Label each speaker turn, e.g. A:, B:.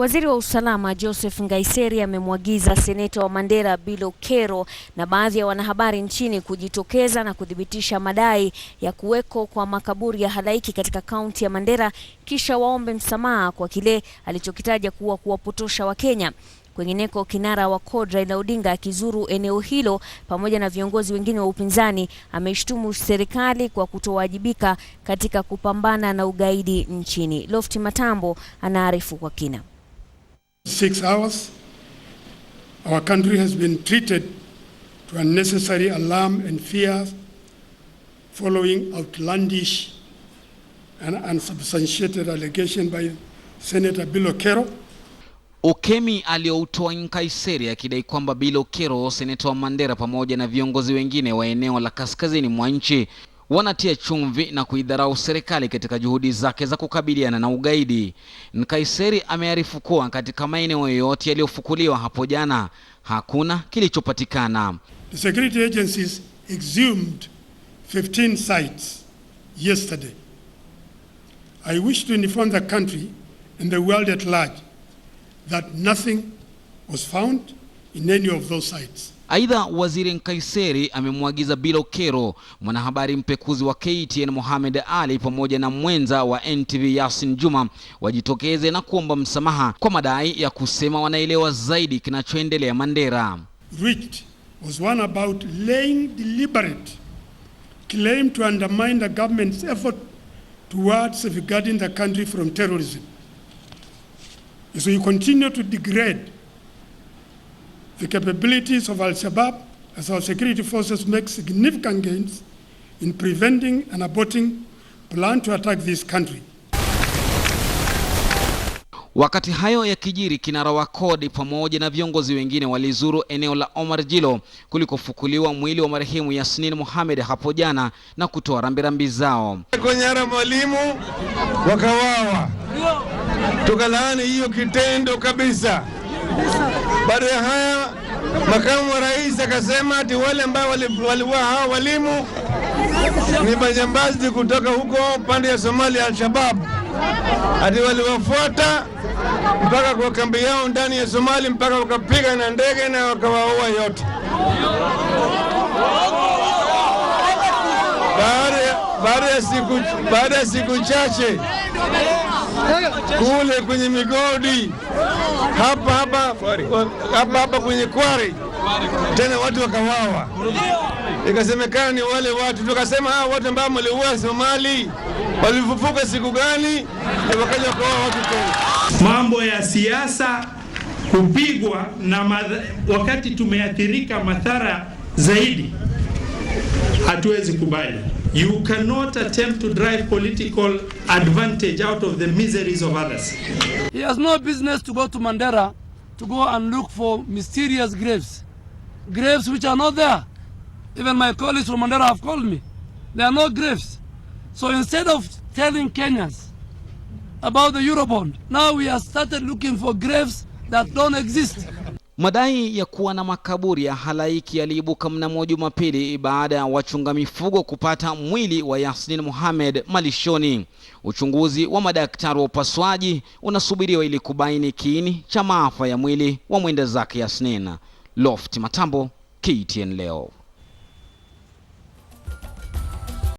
A: Waziri wa usalama Joseph Ngaiseri amemwagiza seneta wa Mandera Bill kero na baadhi ya wanahabari nchini kujitokeza na kuthibitisha madai ya kuweko kwa makaburi ya halaiki katika kaunti ya Mandera, kisha waombe msamaha kwa kile alichokitaja kuwa kuwapotosha Wakenya. Kwengineko, kinara wa CORD Raila Odinga akizuru eneo hilo pamoja na viongozi wengine wa upinzani ameshtumu serikali kwa kutowajibika katika kupambana na ugaidi nchini. Lofty Matambo anaarifu kwa kina.
B: Six hours, our country has been treated to unnecessary alarm and fear following outlandish and unsubstantiated allegation by Senator Bill Okero.
C: Ukemi aliyoutoa Nkaiseri akidai kwamba Bill Okero, seneta wa Mandera, pamoja na viongozi wengine wa eneo la kaskazini mwa nchi wanatia chumvi na kuidharau serikali katika juhudi zake za kukabiliana na ugaidi. Nkaiseri amearifu kuwa katika maeneo yote yaliyofukuliwa hapo jana hakuna kilichopatikana.
B: The security agencies exhumed 15 sites yesterday. I wish to inform the country and the world at large that nothing was found in any of those sites.
C: Aidha, waziri Nkaiseri amemwagiza Bilo Kero, mwanahabari mpekuzi wa KTN Mohamed Ali pamoja na mwenza wa NTV Yasin Juma wajitokeze na kuomba msamaha kwa madai ya kusema wanaelewa zaidi kinachoendelea Mandera.
B: Reached was one about laying deliberate claim to undermine the government's effort towards safeguarding the country from terrorism. So you continue to degrade The capabilities of Al-Shabaab as our security forces make significant gains in preventing and aborting plan to attack this country.
C: Wakati hayo yakijiri, kinara wa kodi pamoja na viongozi wengine walizuru eneo la Omar Jilo kulikofukuliwa mwili wa marehemu Yasmin Mohamed hapo jana na kutoa rambirambi zao.
D: Konyara mwalimu wakawawa, tukalaani hiyo kitendo kabisa. Baada ya haya Makamu wa rais akasema ati wale ambao waliua hawa walimu ni majambazi kutoka huko pande ya Somalia, Al-Shabab ati waliwafuata mpaka kwa kambi yao ndani ya Somali, mpaka wakapiga na ndege na wakawaua yote. Baada ya siku, baada ya siku chache kule kwenye migodi hapa hapa hapa hapa kwenye Kware, tena watu wakawawa, ikasemekana ni wale watu. Tukasema hawa watu ambao waliua Somali walifufuka siku gani? Wakaja wakawawa watu tena.
B: Mambo ya siasa kupigwa na madha, wakati tumeathirika madhara zaidi, hatuwezi kubali. You cannot attempt to drive political advantage out of the miseries of others.
E: He has no business to go to Mandera to go and look for mysterious graves. Graves which are not there. Even my colleagues from Mandera have called me. There are no graves. So instead of telling Kenyans about the Eurobond, now we have started looking for graves that don't exist.
C: Madai ya kuwa na makaburi ya halaiki yaliibuka mnamo Jumapili baada ya wachunga mifugo kupata mwili wa Yasin Mohamed malishoni. Uchunguzi wa madaktari wa upasuaji unasubiriwa ili kubaini kiini cha maafa ya mwili wa mwenda zake Yasin. Loft Matambo, KTN leo.